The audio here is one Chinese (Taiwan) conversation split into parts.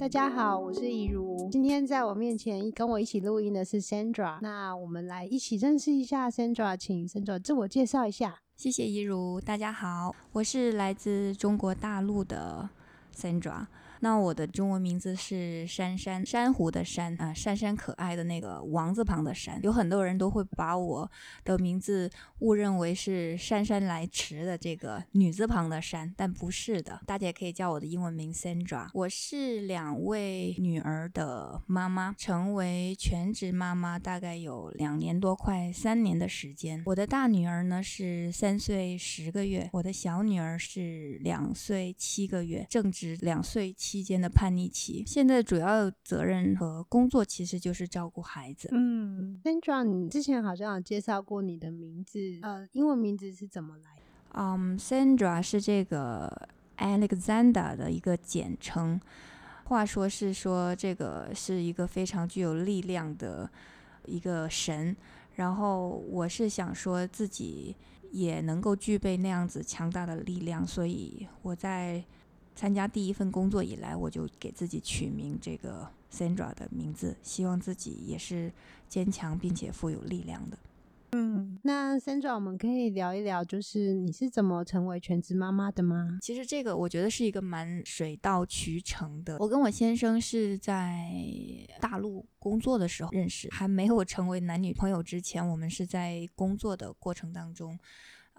大家好，我是怡如。今天在我面前跟我一起錄音的是珊珊，那我們來一起認識一下珊珊，請珊珊自我介紹一下。謝謝怡如，大家好，我是來自中國大陸的珊珊。那我的中文名字是珊珊，珊瑚的珊啊，珊珊可愛的那個王字旁的珊，有很多人都會把我的名字誤認為是姍姍來遲的這個女字旁的姍，但不是的。大家也可以叫我的英文名 Sandra。我是兩位女兒的媽媽，成為全職媽媽大概有兩年多，快三年的時間。我的大女兒呢是三歲十個月，我的小女兒是兩歲七個月，正值兩歲七。期間的叛逆期。現在主要責任和工作其實就是照顧孩子。嗯，Sandra，你之前好像有介紹過你的名字，呃，英文名字是怎麼來的？嗯，um，Sandra 是這個 Alexander 的一個簡稱。話說是說這個是一個非常具有力量的一個神，然後我是想說自己也能夠具備那樣子強大的力量，所以我在參加第一份工作以來，我就給自己取名這個 Sandra 的名字，希望自己也是堅強並且富有力量的。嗯，那 Sandra，我們可以聊一聊，就是你是怎麼成為全職媽媽的嗎？其實這個我覺得是一個蠻水到渠成的。我跟我先生是在大陸工作的時候認識，還沒有成為男女朋友之前，我們是在工作的過程當中。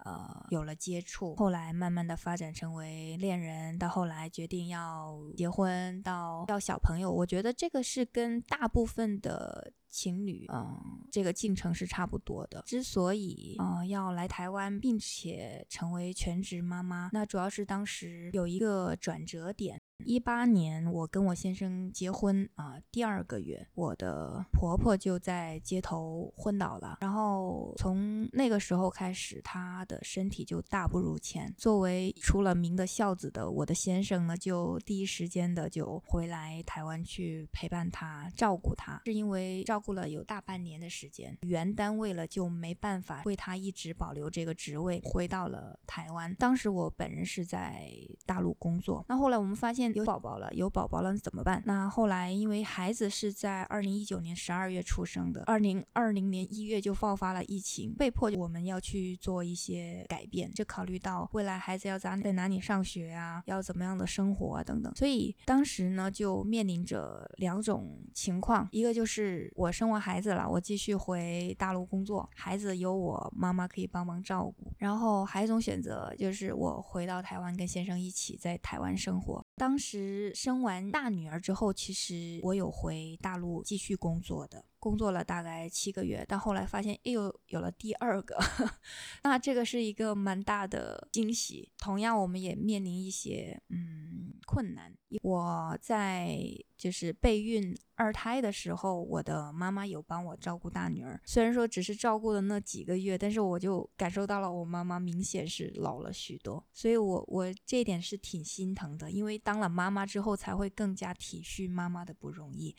呃，有了接觸，後來慢慢的發展成為戀人，到後來決定要結婚，到要小朋友，我覺得這個是跟大部分的情侶，嗯、呃，這個進程是差不多的。之所以嗯、呃，要來台灣，並且成為全職媽媽，那主要是當時有一個轉折點。一八年，我跟我先生結婚啊、呃，第二個月，我的婆婆就在街頭昏倒了。然後從那個時候開始，她的身體就大不如前。作為出了名的孝子的我的先生呢，就第一時間的就回來台灣去陪伴她、照顧她。是因為照顧了有大半年的時間，原單位了就沒辦法為她一直保留這個職位，回到了台灣。當時我本人是在大陸工作，那後來我們發現，有寶寶了，有寶寶了，怎麼辦？那後來因為孩子是在二零一九年十二月出生的，二零二零年一月就爆發了疫情，被迫我們要去做一些改變，就考慮到未來孩子要在哪裡上學啊，要怎麼樣的生活啊等等，所以當時呢就面臨着兩種情況，一個就是我生完孩子了，我繼續回大陸工作，孩子由我媽媽可以幫忙照顧，然後還有一種選擇就是我回到台灣跟先生一起在台灣生活。當時生完大女兒之後，其實我有回大陸繼續工作的。工作了大概七個月，但後來發現，哎呦，有了第二個， 那這個是一個蠻大的驚喜。同樣，我們也面臨一些嗯困難。我在就是備孕二胎的時候，我的媽媽有幫我照顧大女兒，雖然說只是照顧了那幾個月，但是我就感受到了我媽媽明顯是老了許多，所以我我這一點是挺心疼的，因為當了媽媽之後，才會更加體恤媽媽的不容易。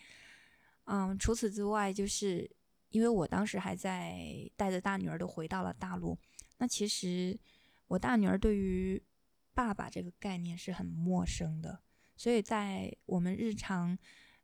嗯，除此之外，就是因為我當時還在帶着大女兒都回到了大陸，那其實我大女兒對於爸爸這個概念是很陌生的，所以在我們日常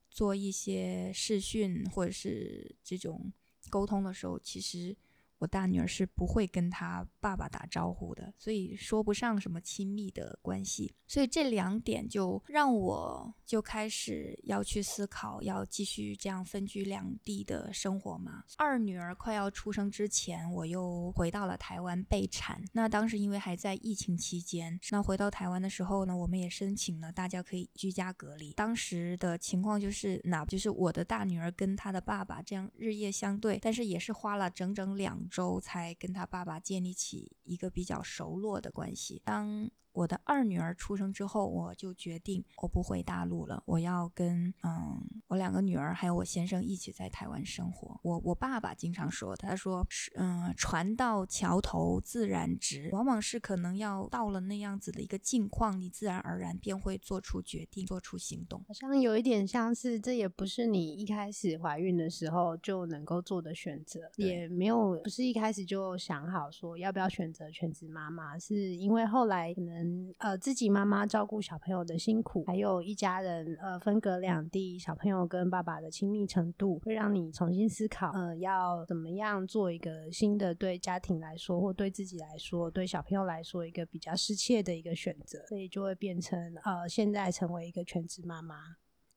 做一些視訊或者是這種溝通的時候，其實。我大女兒是不會跟她爸爸打招呼的，所以說不上什麼親密的關係，所以這兩點就讓我就開始要去思考，要繼續這樣分居兩地的生活嘛。二女兒快要出生之前，我又回到了台灣備產。那當時因為還在疫情期間，那回到台灣的時候呢，我們也申請了大家可以居家隔離。當時的情況就是，那就是我的大女兒跟她的爸爸這樣日夜相對，但是也是花了整整兩。周才跟他爸爸建立起一個比較熟絡的關係。當我的二女兒出生之後，我就決定我不回大陸了，我要跟嗯我兩個女兒還有我先生一起在台灣生活。我我爸爸經常說，他說是嗯船到橋頭自然直，往往是可能要到了那樣子的一個境況，你自然而然便會做出決定，做出行動。好像有一點像是這也不是你一開始懷孕的時候就能夠做的選擇，也沒有不是一開始就想好說要不要選擇全職媽媽，是因為後來可能。呃，自己媽媽照顧小朋友的辛苦，還有一家人呃分隔兩地，小朋友跟爸爸的親密程度，會讓你重新思考，呃，要怎麼樣做一個新的對家庭來說，或對自己來說，對小朋友來說一個比較適切的一個選擇，所以就會變成呃，現在成為一個全職媽媽。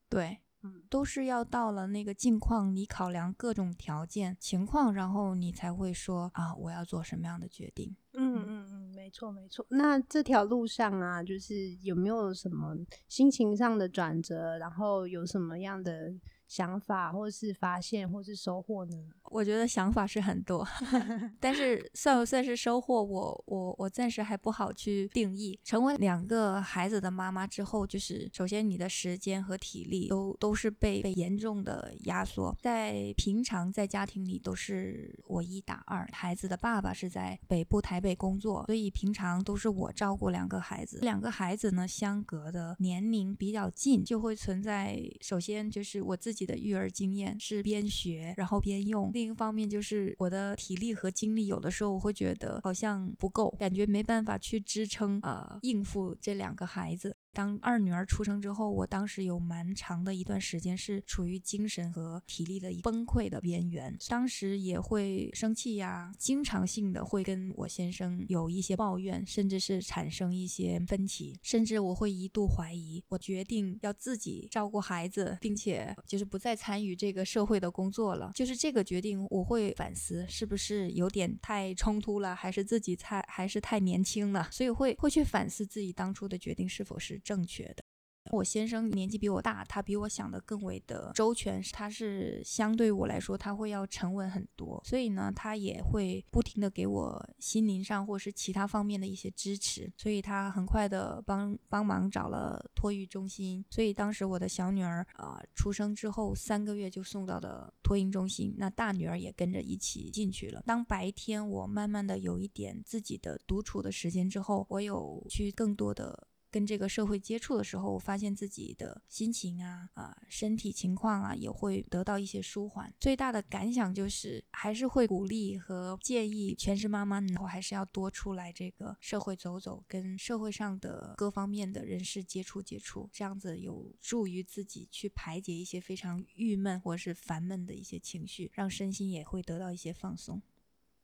對。嗯，都是要到了那個境況，你考量各種條件情況，然後你才會說啊，我要做什麼樣的決定。嗯嗯嗯，沒錯沒錯。那這條路上啊，就是有沒有什麼心情上的轉折，然後有什麼樣的想法，或是發現，或是收穫呢？我覺得想法是很多， 但是算不算是收穫我，我我我暫時還不好去定義。成為兩個孩子的媽媽之後，就是首先你的時間和體力都都是被被嚴重的壓縮。在平常在家庭裡都是我一打二，孩子的爸爸是在北部台北工作，所以平常都是我照顧兩個孩子。兩個孩子呢，相隔的年齡比較近，就會存在首先就是我自己的育兒經驗是邊學然後邊用。另一方面，就是我的體力和精力，有的時候我會覺得好像不夠，感覺沒辦法去支撐，呃，應付這兩個孩子。當二女兒出生之後，我當時有蠻長的一段時間是處於精神和體力的崩潰的邊緣。當時也會生氣呀，經常性的會跟我先生有一些抱怨，甚至是產生一些分歧，甚至我會一度懷疑，我決定要自己照顧孩子，並且就是不再參與這個社會的工作了。就是這個決定，我會反思是不是有點太衝突了，還是自己太還是太年輕了，所以會會去反思自己當初的決定是否是正確的，我先生年紀比我大，他比我想的更為的周全，他是相對我來說他會要沉穩很多，所以呢，他也會不停的給我心靈上或是其他方面的一些支持，所以他很快的幫幫忙找了托育中心，所以當時我的小女兒啊出生之後三個月就送到的托嬰中心，那大女兒也跟着一起進去了。當白天我慢慢的有一點自己的獨處的時間之後，我有去更多的。跟這個社會接觸的時候，我發現自己的心情啊，啊、呃，身體情況啊，也會得到一些舒緩。最大的感想就是，還是會鼓勵和建議全職媽媽，我還是要多出來這個社會走走，跟社會上的各方面的人士接觸接觸，這樣子有助於自己去排解一些非常鬱悶或是煩悶的一些情緒，讓身心也會得到一些放鬆。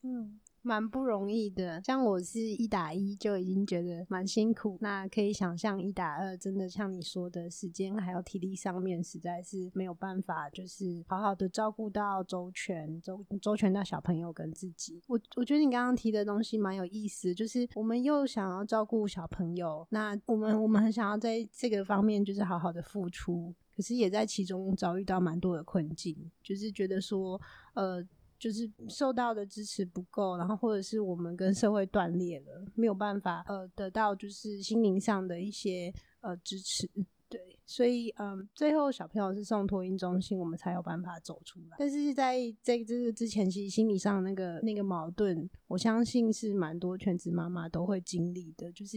嗯。蠻不容易的，像我是一打一就已經覺得蠻辛苦，那可以想象一打二，真的像你說的時間還有體力上面，實在是沒有辦法，就是好好的照顧到周全，周，周全到小朋友跟自己。我，我覺得你剛剛提的東西蠻有意思，就是我們又想要照顧小朋友，那我們，我們很想要在這個方面就是好好的付出，可是也在其中遭遇到蠻多的困境，就是覺得說呃。就是受到的支持不夠，然後或者是我們跟社會斷裂了，沒有辦法呃得到就是心靈上的一些呃支持，對，所以嗯，最後小朋友是送托嬰中心，我們才有辦法走出來。但是在這個之前，其實心理上那個那個矛盾，我相信是蠻多全職媽媽都會經歷的，就是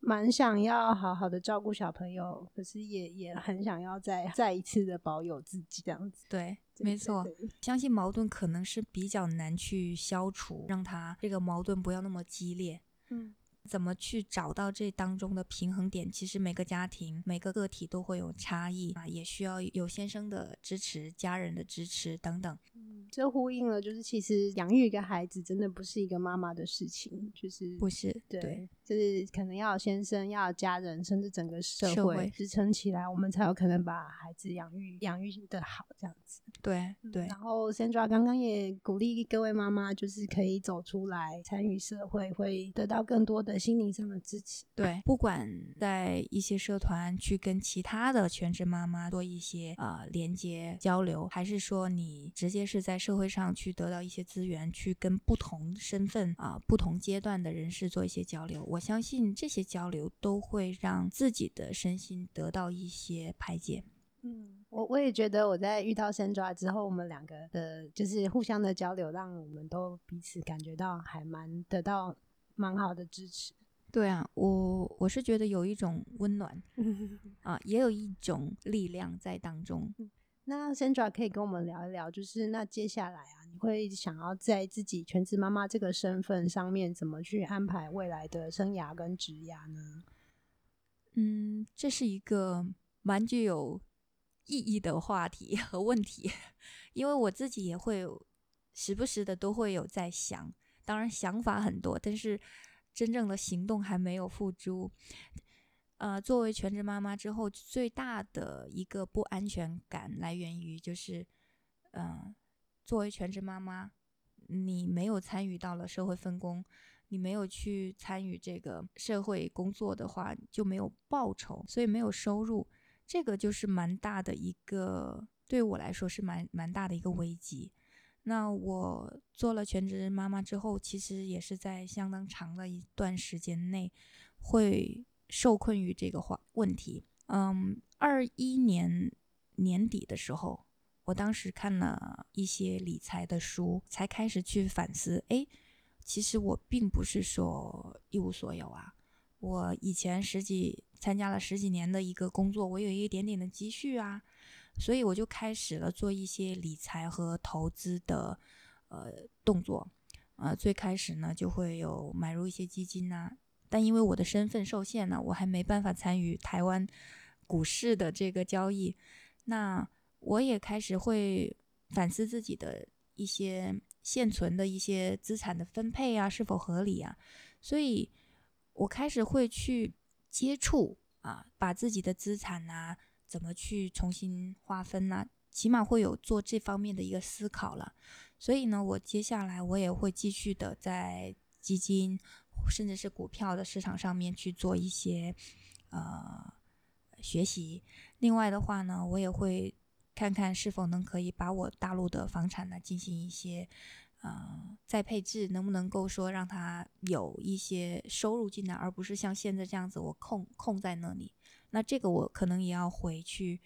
蠻想要好好的照顧小朋友，可是也也很想要再再一次的保有自己這樣子，對。沒錯，相信矛盾可能是比較難去消除，讓他這個矛盾不要那麼激烈。嗯，怎麼去找到這當中的平衡點？其實每個家庭、每個個體都會有差異啊，也需要有先生的支持、家人的支持等等。這呼應了，就是其實養育一個孩子真的不是一個媽媽的事情，就是不是對，對，就是可能要有先生、要有家人，甚至整個社會支撐起來，我們才有可能把孩子養育養育得好，這樣子。對、嗯、對。然後 Sandra 剛剛也鼓勵各位媽媽，就是可以走出來參與社會，會得到更多的心靈上的支持。對，不管在一些社團去跟其他的全職媽媽做一些呃連接交流，還是說你直接是在社會上去得到一些資源，去跟不同身份啊、呃、不同階段的人士做一些交流。我相信這些交流都會讓自己的身心得到一些排解。嗯，我我也覺得我在遇到珊珊之後，我們兩個的就是互相的交流，讓我們都彼此感覺到還蠻得到蠻好的支持。對啊，我我是覺得有一種溫暖， 啊，也有一種力量在當中。嗯那 Sandra 可以跟我們聊一聊，就是那接下來啊，你會想要在自己全職媽媽這個身份上面怎麼去安排未來的生涯跟職涯呢？嗯，這是一個蠻具有意義的話題和問題，因為我自己也會時不時的都會有在想，當然想法很多，但是真正的行動還沒有付諸。呃，作為全職媽媽之後，最大的一個不安全感來源於就是，嗯、呃，作為全職媽媽，你沒有參與到了社會分工，你沒有去參與這個社會工作的話，就沒有報酬，所以沒有收入，這個就是蠻大的一個，對我來說是蠻蠻大的一個危機。那我做了全職媽媽之後，其實也是在相當長的一段時間內會。受困於這個話問題，嗯，二一年年底的時候，我當時看了一些理財的書，才開始去反思，哎，其實我並不是說一無所有啊，我以前十幾參加了十幾年的一個工作，我有一點點的積蓄啊，所以我就開始了做一些理財和投資的，呃，動作，呃，最開始呢就會有買入一些基金啊。但因為我的身份受限呢，我還沒辦法參與台灣股市的這個交易。那我也開始會反思自己的一些現存的一些資產的分配啊，是否合理啊？所以，我開始會去接觸啊，把自己的資產吶怎麼去重新劃分吶？起碼會有做這方面的一個思考了。所以呢，我接下來我也會繼續的在基金。甚至是股票的市場上面去做一些呃學習。另外的話呢，我也會看看是否能可以把我大陸的房產呢進行一些呃再配置，能不能夠說讓它有一些收入進來，而不是像現在這樣子我空空在那裡。那這個我可能也要回去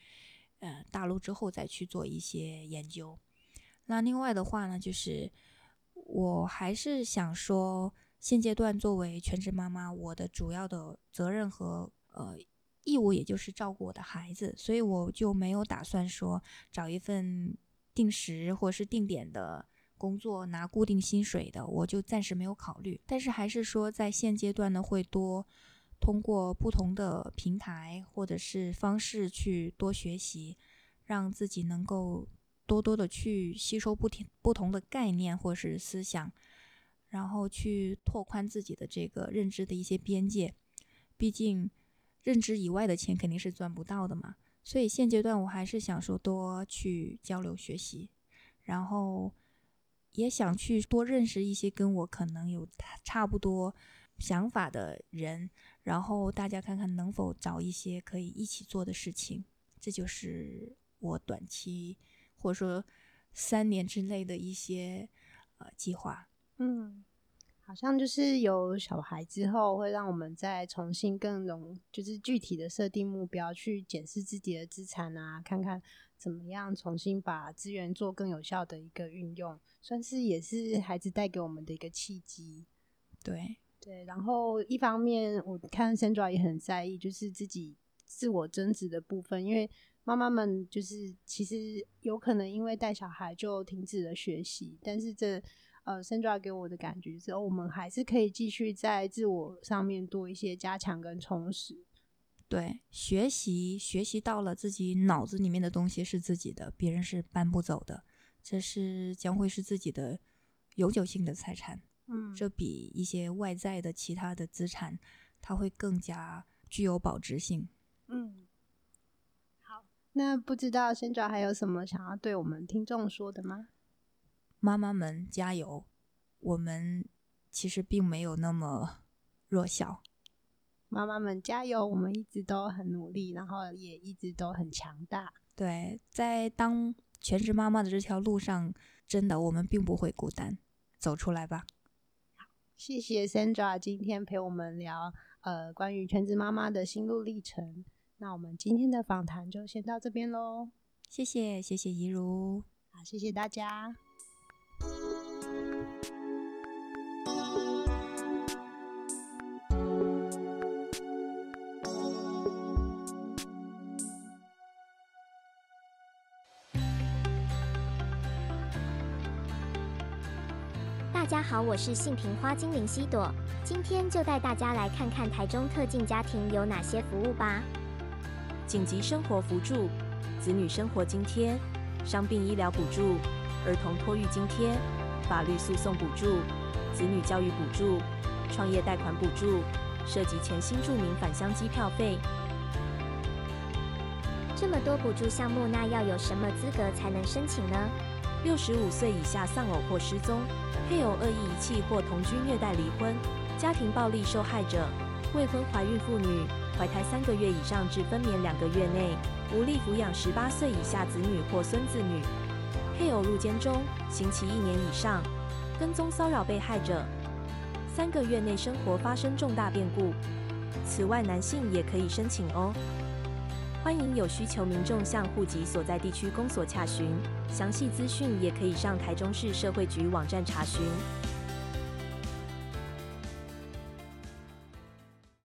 呃大陸之後再去做一些研究。那另外的話呢，就是我還是想說。現階段作為全職媽媽，我的主要的責任和呃義務，也就是照顧我的孩子，所以我就沒有打算說找一份定時或者是定點的工作拿固定薪水的，我就暫時沒有考慮。但是還是說，在現階段呢，會多通過不同的平台或者是方式去多學習，讓自己能夠多多的去吸收不不不同的概念或是思想，然後去拓寬自己的這個認知的一些邊界，畢竟認知以外的錢肯定是賺不到的嘛。所以現階段我還是想說多去交流學習，然後也想去多認識一些跟我可能有差不多想法的人，然後大家看看能否找一些可以一起做的事情。這就是我短期，或者說三年之內的一些，呃，計劃。嗯，好像就是有小孩之後，會讓我們再重新更容，就是具體的設定目標，去檢視自己的資產啊，看看怎麼樣重新把資源做更有效的一個運用，算是也是孩子帶給我們的一個契機。對對，然後一方面我看珊珊也很在意，就是自己自我增值的部分，因為媽媽們就是其實有可能因為帶小孩就停止了學習，但是這。呃珊珊給我的感覺是，哦，我們還是可以繼續在自我上面多一些加強跟充實。對，學習學習到了自己腦子裡面的東西是自己的，別人是搬不走的，這是將會是自己的永久性的財產。嗯，這比一些外在的其他的資產，它會更加具有保值性。嗯，好，那不知道珊珊還有什麼想要對我們聽眾說的嗎？媽媽們加油！我們其實並沒有那麼弱小。媽媽們加油！我們一直都很努力，然後也一直都很強大。對，在當全職媽媽的這條路上，真的我們並不會孤單。走出來吧。好，謝謝 Sandra 今天陪我們聊呃關於全職媽媽的心路歷程。那我們今天的訪談就先到這邊嘍。謝謝，謝謝怡如。好，謝謝大家。大家好，我是杏平花精靈西朵，今天就帶大家來看看台中特境家庭有哪些服務吧。緊急生活扶助、子女生活津貼、傷病醫療補助。兒童托育津貼、法律訴訟補助、子女教育補助、創業貸款補助，涉及前新住民返鄉機票費。這麼多補助項目，那要有什麼資格才能申請呢？六十五歲以下喪偶或失蹤，配偶惡意遺棄或同居虐待離婚，家庭暴力受害者，未婚懷孕婦女，懷胎三個月以上至分娩兩個月內，無力撫養十八歲以下子女或孫子女。配偶入監中，刑期一年以上，跟蹤騷擾被害者，三個月內生活發生重大變故。此外，男性也可以申請哦。歡迎有需求民眾向戶籍所在地區公所洽詢，詳細資訊也可以上台中市社會局網站查詢。